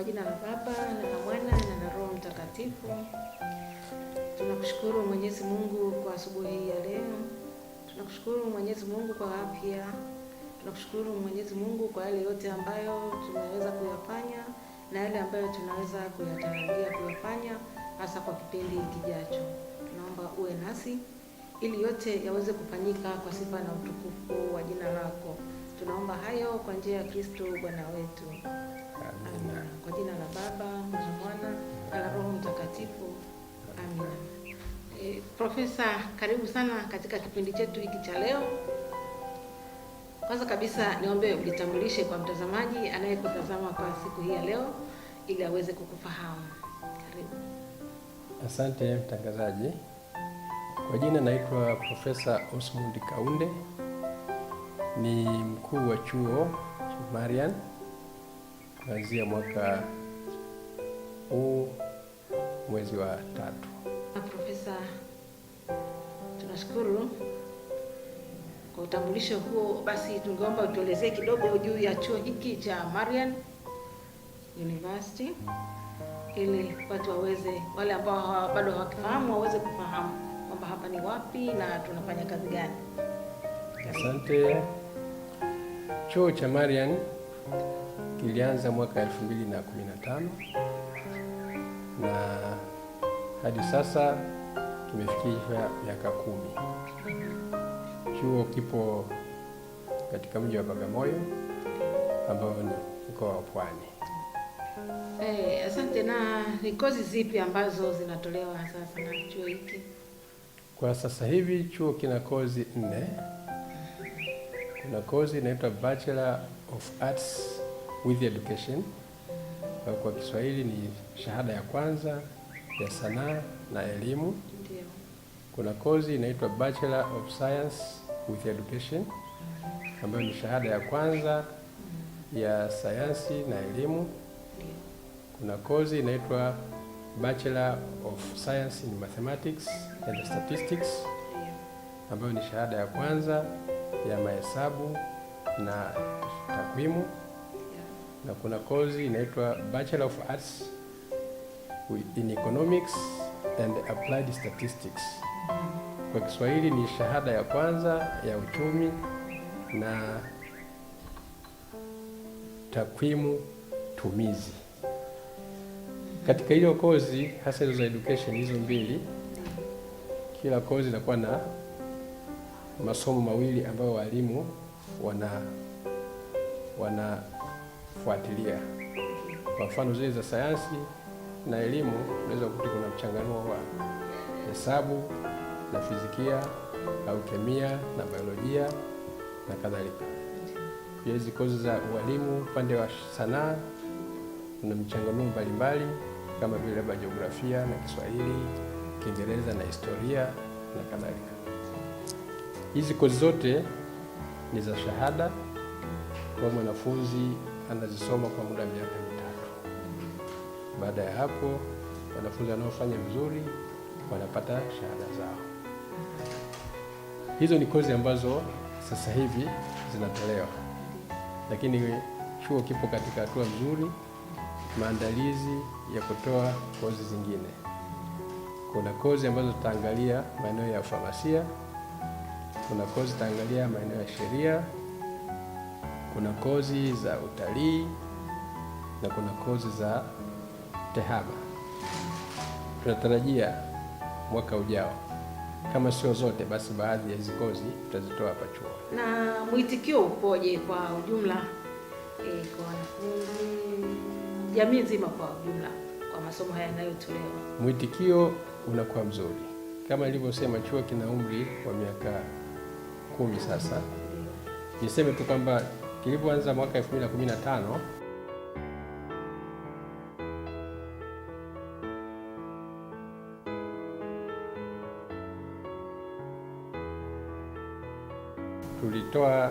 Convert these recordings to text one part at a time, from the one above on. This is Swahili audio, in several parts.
Kwa jina la Baba na la Mwana na la Roho Mtakatifu. Tunakushukuru Mwenyezi Mungu kwa asubuhi hii ya leo. Tunakushukuru Mwenyezi Mungu kwa afya. Tunakushukuru Mwenyezi Mungu kwa yale yote ambayo tunaweza kuyafanya na yale ambayo tunaweza kuyatarajia kuyafanya hasa kwa kipindi kijacho. Tunaomba uwe nasi ili yote yaweze kufanyika kwa sifa na utukufu wa jina lako. Tunaomba hayo kwa njia ya Kristo Bwana wetu. Kwa jina la Baba na Mwana na la Roho Mtakatifu. Amina. E, Profesa, karibu sana katika kipindi chetu hiki cha leo. Kwanza kabisa niombe ujitambulishe kwa mtazamaji anayekutazama kwa siku hii ya leo ili aweze kukufahamu. Karibu. Asante mtangazaji. Kwa jina naitwa Profesa Osmund Kaunde, ni mkuu wa chuo cha Marian kuanzia mwaka huu mwezi wa tatu. Profesa, tunashukuru kwa utambulisho huo. Basi tungeomba utuelezee kidogo juu ya chuo hiki cha Marian University ili watu waweze, wale ambao bado hawakifahamu waweze kufahamu kwamba hapa ni wapi na tunafanya kazi gani. Asante. Chuo cha Marian kilianza mwaka 2015 na hadi sasa tumefikisha miaka kumi. Chuo kipo katika mji wa Bagamoyo ambao ni mkoa wa Pwani. Hey, eh, asante. Na ni kozi zipi ambazo zinatolewa sasa na chuo hiki? Kwa sasa hivi chuo kina kozi nne. Kuna kozi inaitwa Bachelor of Arts with education kwa Kiswahili ni shahada ya kwanza ya sanaa na elimu. Kuna kozi inaitwa Bachelor of Science with Education ambayo ni shahada ya kwanza ya sayansi na elimu. Kuna kozi inaitwa Bachelor of Science in Mathematics and Statistics ambayo ni shahada ya kwanza ya mahesabu na takwimu na kuna kozi inaitwa Bachelor of Arts in Economics and Applied Statistics. Kwa Kiswahili ni shahada ya kwanza ya uchumi na takwimu tumizi. Katika hiyo kozi hasa hizo za education hizo mbili, kila kozi inakuwa na masomo mawili ambayo walimu wana wana kufuatilia. Kwa mfano zile za sayansi na elimu, unaweza kukuta kuna mchanganuo wa hesabu na fizikia au kemia na biolojia na kadhalika. Pia hizi kozi za ualimu upande wa sanaa kuna mchanganuo mbalimbali kama vile labda jiografia na Kiswahili, Kiingereza na historia na kadhalika. Hizi kozi zote ni za shahada kwa mwanafunzi anazisoma kwa muda miaka mitatu. Baada ya hapo, wanafunzi wanaofanya vizuri wanapata shahada zao. Hizo ni kozi ambazo sasa hivi zinatolewa, lakini chuo kipo katika hatua nzuri, maandalizi ya kutoa kozi zingine. Kuna kozi ambazo tutaangalia maeneo ya famasia, kuna kozi tutaangalia maeneo ya sheria kuna kozi za utalii na kuna kozi za tehama. Tunatarajia mwaka ujao kama sio zote basi baadhi ya hizi kozi tutazitoa hapa chuo. Na mwitikio upoje kwa ujumla e, kwa wanafunzi, jamii nzima kwa ujumla kwa masomo haya yanayotolewa? Mwitikio unakuwa mzuri kama ilivyosema, chuo kina umri wa miaka kumi sasa. Niseme tu kwamba kilipoanza mwaka 2015 tulitoa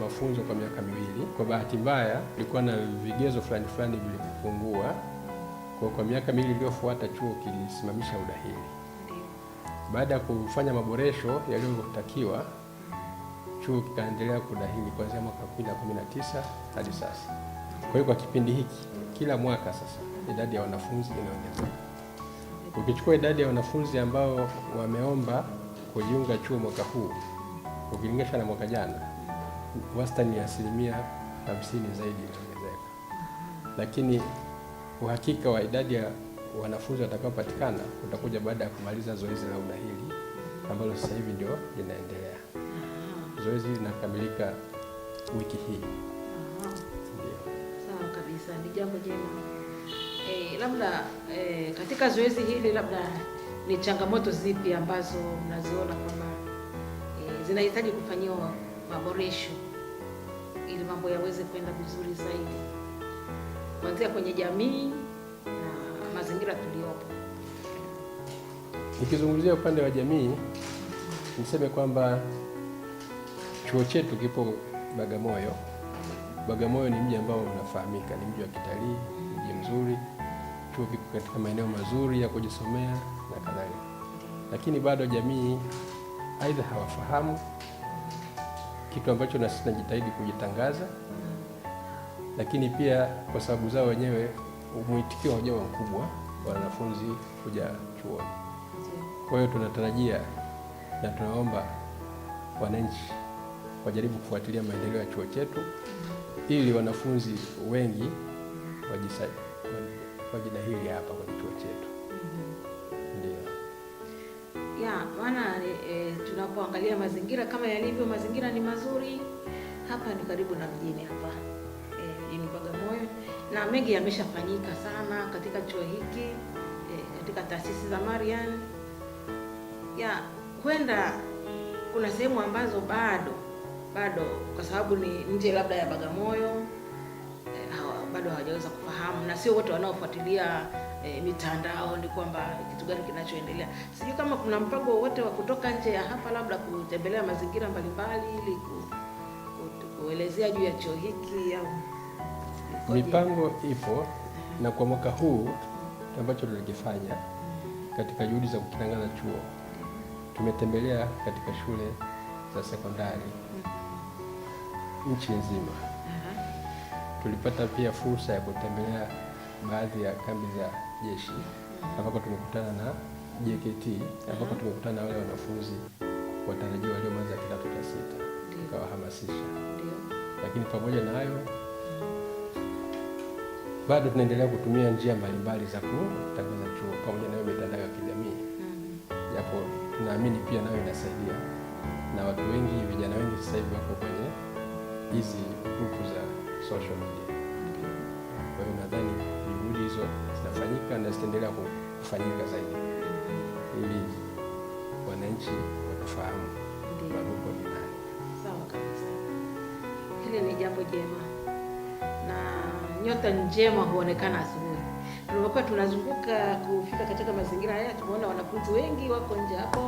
mafunzo kwa miaka miwili. Kwa bahati mbaya, kulikuwa na vigezo fulani fulani vilipungua. Kwa kwa miaka miwili iliyofuata, chuo kilisimamisha udahili. Baada ya kufanya maboresho yaliyotakiwa chuo kikaendelea kudahili kuanzia mwaka 2019 hadi sasa. Kwa hiyo kwa kipindi hiki kila mwaka sasa idadi ya wanafunzi inaongezeka. Ukichukua idadi ya wanafunzi ambao wameomba kujiunga chuo mwaka huu ukilinganisha na mwaka jana, wastani ya asilimia 50 zaidi inaongezeka, lakini uhakika wa idadi ya wanafunzi watakaopatikana utakuja baada ya kumaliza zoezi la udahili ambalo sasa hivi ndio linaendelea zoezi linakamilika wiki hii. Sawa kabisa, ni jambo jema. E, labda e, katika zoezi hili labda ni changamoto zipi ambazo mnaziona kwamba e, zinahitaji kufanyiwa maboresho ili mambo yaweze kwenda vizuri zaidi kuanzia kwenye jamii na mazingira tuliyopo? Nikizungumzia upande wa jamii niseme kwamba Chuo chetu kipo Bagamoyo. Bagamoyo ni mji ambao unafahamika, ni mji wa kitalii, mji mzuri. Chuo kipo katika maeneo mazuri ya kujisomea na kadhalika, lakini bado jamii aidha hawafahamu kitu ambacho na sisi tunajitahidi kujitangaza, lakini pia kwa sababu zao wenyewe mwitikio haujawa mkubwa wa wanafunzi kuja chuoni. Kwa hiyo tunatarajia na tunaomba wananchi wajaribu kufuatilia maendeleo ya chuo chetu ili wanafunzi wengi wajinahili hapa kwenye chuo chetu. Mm-hmm. Ya, maana e, tunapoangalia mazingira kama yalivyo, mazingira ni mazuri hapa, ni karibu na mjini hapa jini e, Bagamoyo, na mengi yameshafanyika sana katika chuo hiki e, katika taasisi za Marian. Ya, kwenda kuna sehemu ambazo bado bado kwa sababu ni nje labda ya Bagamoyo eh, bado hawajaweza kufahamu na sio wote wanaofuatilia eh, mitandao ni kwamba kitu gani kinachoendelea. Sijui kama kuna mpango wowote wa kutoka nje ya hapa labda kutembelea mazingira mbalimbali ili kuelezea juu ya chuo hiki au mipango ipo. Mhm. Na kwa mwaka huu ambacho tulikifanya katika juhudi za kukitangaza chuo, mhm. tumetembelea katika shule za sekondari mhm nchi nzima. Tulipata pia fursa ya kutembelea baadhi ya kambi za jeshi mm-hmm. ambako tumekutana na JKT ambako mm-hmm. tumekutana na wale wanafunzi watarajiwa waliomaliza kidato cha sita tukawahamasisha. Lakini pamoja na hayo mm-hmm. bado tunaendelea kutumia njia mbalimbali za kutangaza chuo pamoja na mitandao ya kijamii, japo tunaamini pia nayo inasaidia, na watu wengi, vijana wengi sasa hivi wako kwenye hizi huku za social media. Kwa hiyo nadhani juhudi hizo zinafanyika na zitaendelea kufanyika zaidi ili wananchi wanafahamu Marufo ni nani. Sawa kabisa, hili ni jambo jema na nyota njema huonekana asubuhi. Tulipokuwa tunazunguka kufika katika mazingira haya, tumeona wanafunzi wengi wako nje hapo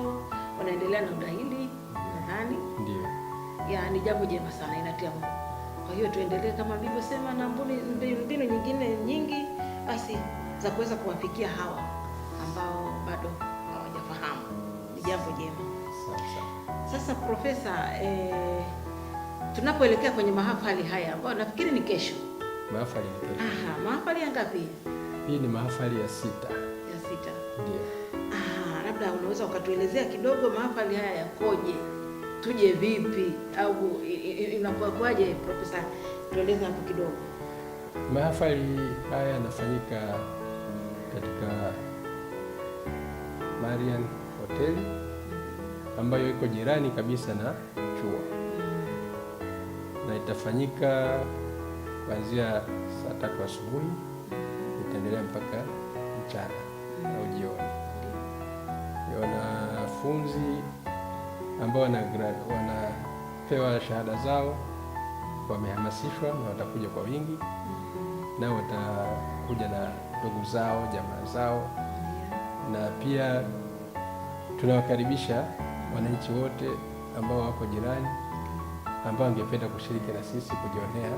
wanaendelea na udahili ya ni jambo jema sana, inatia Mungu. Kwa hiyo tuendelee kama nilivyosema, na mbinu nyingine nyingi basi za kuweza kuwafikia hawa ambao bado hawajafahamu, ni jambo jema. Sasa Profesa, eh, tunapoelekea kwenye mahafali haya ambayo nafikiri ni kesho, mahafali ni kesho. Aha, mahafali ya ngapi? Hii ni mahafali ya sita, ya sita. Ndio. Aha, labda unaweza ukatuelezea kidogo mahafali haya yakoje? tuje vipi au inakuwaje? Profesa, tueleze hapo kidogo. Mahafali haya yanafanyika katika Marian Hotel ambayo iko jirani kabisa na chuo na itafanyika kuanzia saa tatu asubuhi itaendelea mpaka mchana au jioni. Wanafunzi ambao wanapewa shahada zao wamehamasishwa na watakuja kwa wingi, nao watakuja na ndugu zao, jamaa zao, na pia tunawakaribisha wananchi wote ambao wako jirani ambao wangependa kushiriki na sisi kujionea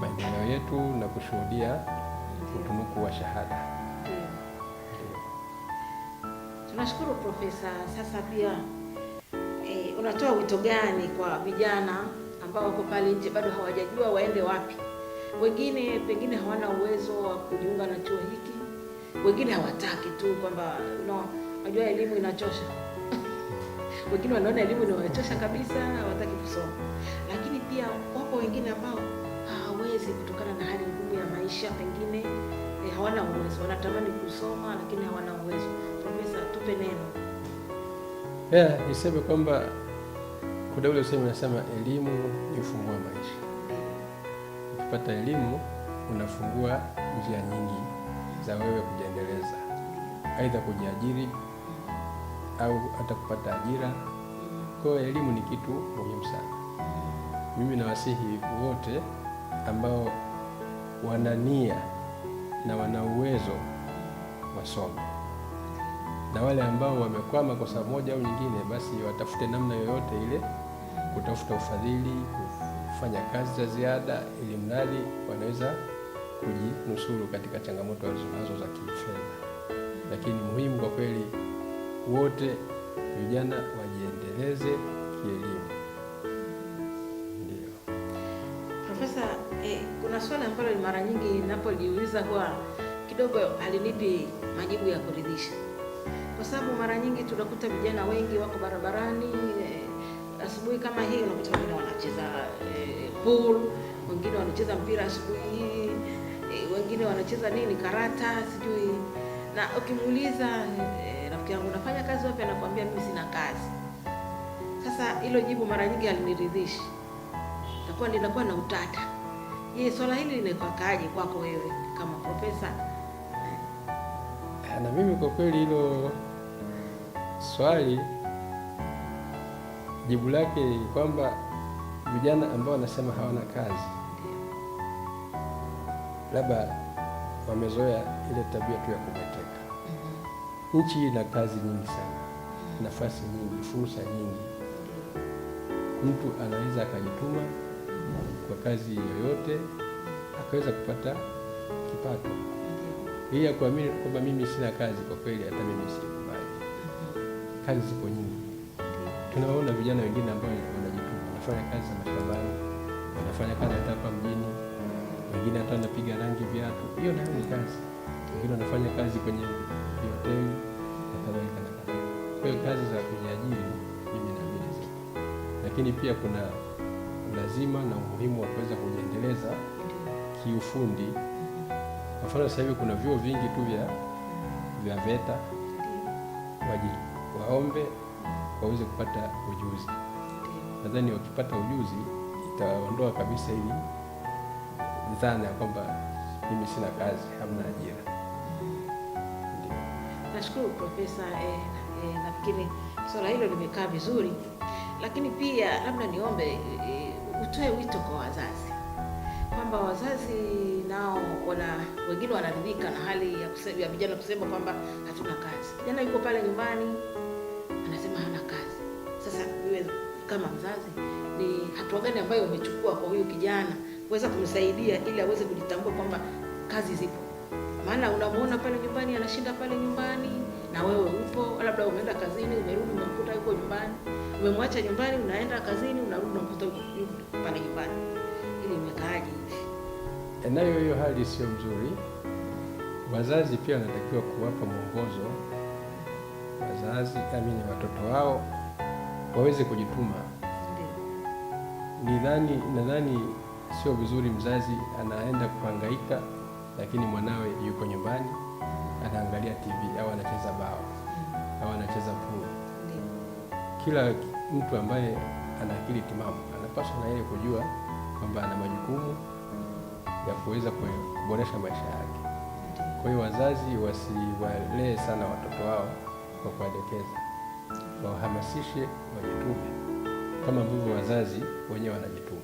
maendeleo yetu na kushuhudia utunuku wa shahada. Tunashukuru Profesa. Sasa pia unatoa wito gani kwa vijana ambao wako pale nje bado hawajajua waende wapi? Wengine pengine hawana uwezo wa kujiunga na chuo hiki, wengine hawataki tu, kwamba no, unajua elimu inachosha wengine wanaona elimu inawachosha kabisa, hawataki kusoma. Lakini pia wapo wengine ambao hawawezi kutokana na hali ngumu ya maisha, pengine eh, hawana uwezo, wanatamani kusoma lakini hawana uwezo. Profesa, tupe neno. Yeah, niseme kwamba kuna ule usemi unasema elimu ni ufunguo wa maisha. Ukipata elimu unafungua njia nyingi za wewe kujiendeleza, aidha kujiajiri au hata kupata ajira. Kwa hiyo elimu ni kitu muhimu sana. Mimi nawasihi wote ambao wana nia na wana uwezo wasome, na wale ambao wamekwama kwa sababu moja au nyingine, basi watafute namna yoyote ile kutafuta ufadhili, kufanya kazi za ziada, ili mradi wanaweza kujinusuru katika changamoto walizonazo za kifedha. Lakini muhimu kwa kweli, wote vijana wajiendeleze kielimu. Ndio Profesa, eh, kuna swali ambalo mara nyingi ninapoliuliza huwa kidogo alinipi majibu ya kuridhisha, kwa sababu mara nyingi tunakuta vijana wengi wako barabarani asubuhi kama hii, unakuta wengine wanacheza eh, pool, wengine wanacheza mpira asubuhi hii eh, wengine wanacheza nini, karata sijui. Na ukimuuliza eh, rafiki yangu unafanya kazi wapi, anakuambia mimi sina kazi. Sasa hilo jibu mara nyingi haliniridhishi, takuwa linakuwa na utata. Ye, swala hili linakwakaje kwako wewe kama profesa? Na mimi kwa kweli hilo swali jibu lake ni kwamba vijana ambao wanasema hawana kazi, labda wamezoea ile tabia tu ya kubeteka. Mm-hmm. Nchi ina kazi nyingi sana, nafasi nyingi, fursa nyingi, mtu anaweza akajituma kwa kazi yoyote akaweza kupata kipato. Mm-hmm. Hii ya kuamini kwamba mimi sina kazi, kwa kweli hata mimi sikubali. Mm-hmm. Kazi ziko nyingi tunaona vijana wengine ambao wanajituma, wanafanya kazi za mashambani, wanafanya kazi hata hapa mjini, wengine hata wanapiga rangi viatu, hiyo nayo ni kazi. Wengine wanafanya kazi kwenye hoteli na kadhalika na kadhalika. Kwa hiyo kazi za kujiajiri mimi naamini zipo, lakini pia kuna ulazima na umuhimu wa kuweza kujiendeleza kiufundi. Kwa mfano sasa hivi kuna vyuo vingi tu vya vya VETA, waji waombe waweze kupata ujuzi. Nadhani wakipata ujuzi itaondoa kabisa hili dhana ya kwamba mimi sina kazi, hamna ajira. Nashukuru Profesa. Eh, eh, nafikiri swala hilo limekaa vizuri, lakini pia labda niombe eh, utoe wito kwa wazazi kwamba wazazi nao wana wengine wanaridhika na hali ya vijana kusema kwamba hatuna kazi. Jana yuko pale nyumbani kama mzazi, ni hatua gani ambayo umechukua kwa huyu kijana kuweza kumsaidia ili aweze kujitambua kwamba kazi zipo? Maana unamuona pale nyumbani anashinda pale nyumbani, na wewe upo, labda umeenda kazini, umerudi, umemkuta yuko nyumbani, umemwacha nyumbani, unaenda kazini, unarudi, unamkuta yuko pale nyumbani. Ili imekaaje hivi? Nayo hiyo hali sio mzuri. Wazazi pia wanatakiwa kuwapa mwongozo wazazi amini watoto wao waweze kujituma. Nidhani, nadhani sio vizuri mzazi anaenda kuhangaika, lakini mwanawe yuko nyumbani anaangalia TV au anacheza bao au anacheza pool. Kila mtu ambaye ana akili timamu anapaswa na yeye kujua kwamba ana majukumu ya kuweza kuboresha maisha yake. Kwa hiyo wazazi wasiwalee sana watoto wao kwa kuwadekeza wahamasishe wajitume kama ambavyo wazazi wenyewe wanajituma.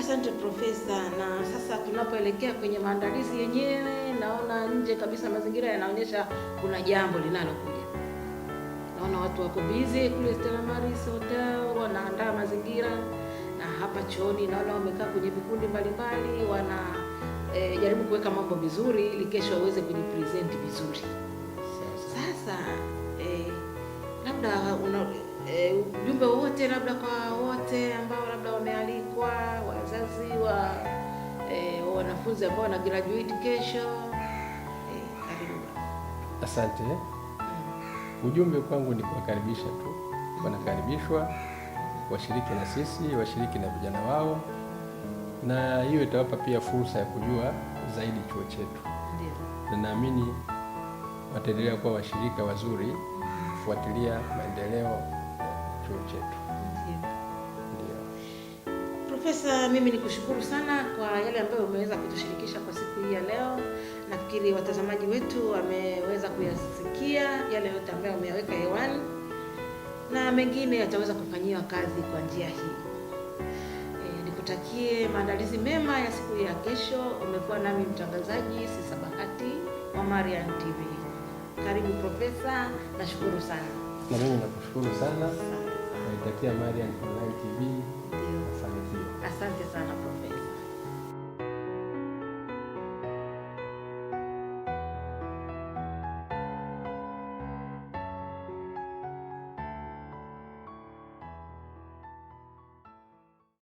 Asante Profesa. Na sasa tunapoelekea kwenye maandalizi yenyewe, naona nje kabisa mazingira yanaonyesha kuna jambo linalokuja. Naona watu wako busy kule Stella Maris Hotel, wanaandaa mazingira, na hapa chooni naona wamekaa kwenye vikundi mbalimbali, wana e, jaribu kuweka mambo vizuri ili kesho waweze kujipresenti vizuri sasa eh, labda una eh, ujumbe wote labda kwa wote ambao labda wamealikwa, wazazi wa eh, wanafunzi ambao wana graduate kesho eh, karibu. Asante. Mm. Ujumbe kwangu ni kuwakaribisha tu, wanakaribishwa washiriki na sisi, washiriki na vijana wao, na hiyo itawapa pia fursa ya kujua zaidi chuo chetu, na naamini wataendelea kuwa washirika wazuri kufuatilia maendeleo ya chuo chetu. Profesa, mimi ni kushukuru sana kwa yale ambayo umeweza kutushirikisha kwa siku hii ya leo. Nafikiri watazamaji wetu wameweza kuyasikia yale yote ambayo ameyaweka hewani na mengine yataweza kufanyiwa kazi kwa njia hii. E, nikutakie maandalizi mema ya siku ya kesho. Umekuwa nami mtangazaji Sisa Bahati wa Marian TV. Karibu Profesa, nashukuru sana. Na mimi nakushukuru sana. Naitakia Marian Online TV